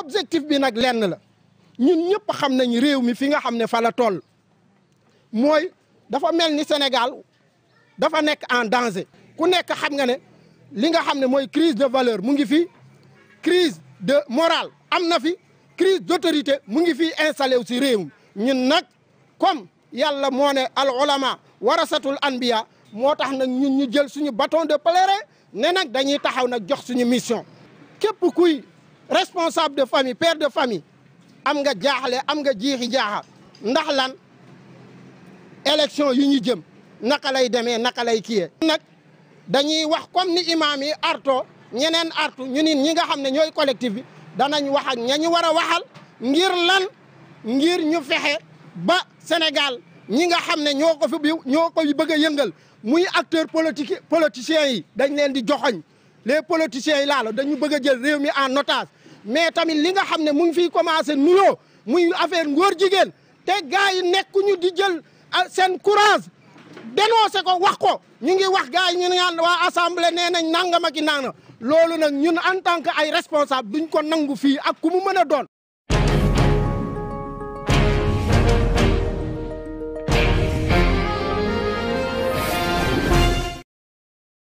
objectif bi nag lenn la ñun ñëpp xam nañ réew mi fi nga xam ne fa la toll mooy dafa mel ni Sénégal dafa nekk en danger. ku nekk xam nga ne li nga xam ne mooy crise de valeur mu ngi fi crise de morale am na fi crise d'autorité mu ngi fi installé wu si réew mi ñun nag comme yàlla moo ne al ulama warasatul anbiya moo tax nag ñun ñu jël suñu bâton de pèlerin ne nag dañuy taxaw nag jox suñu mission képp kuy. responsable de famille père de famille am nga jaaxle am nga jiixi jaaxa ndax lan élection yi ñu jëm naka lay demee naka lay kiyee nag dañuy wax comme ni imaam yi arto ñeneen artu ñu nit ñi nga xam ne ñooy collective bi danañ wax ak ña war a waxal ngir lan ngir ñu fexe ba Sénégal ñi nga xam ne ñoo ko fi ñoo ko bëgg a yëngal muy acteur politique politiciens yi dañ leen di joxoñ les politiciens yi laalo dañu bëgg a jël réew mi en otage mais tamit li nga xam ne mu ngi fiy commencé nuyoo muy affaire ngóor jigéen te gars yi ñu di jël ah, seen courage dénoncé ko wax ko ñu ngi wax gars yi ñu naan waa assemblée nee nañ nangam ak i loolu nag ñun en tant que ay responsable buñ ko nangu fii ak ku mu mën a doon.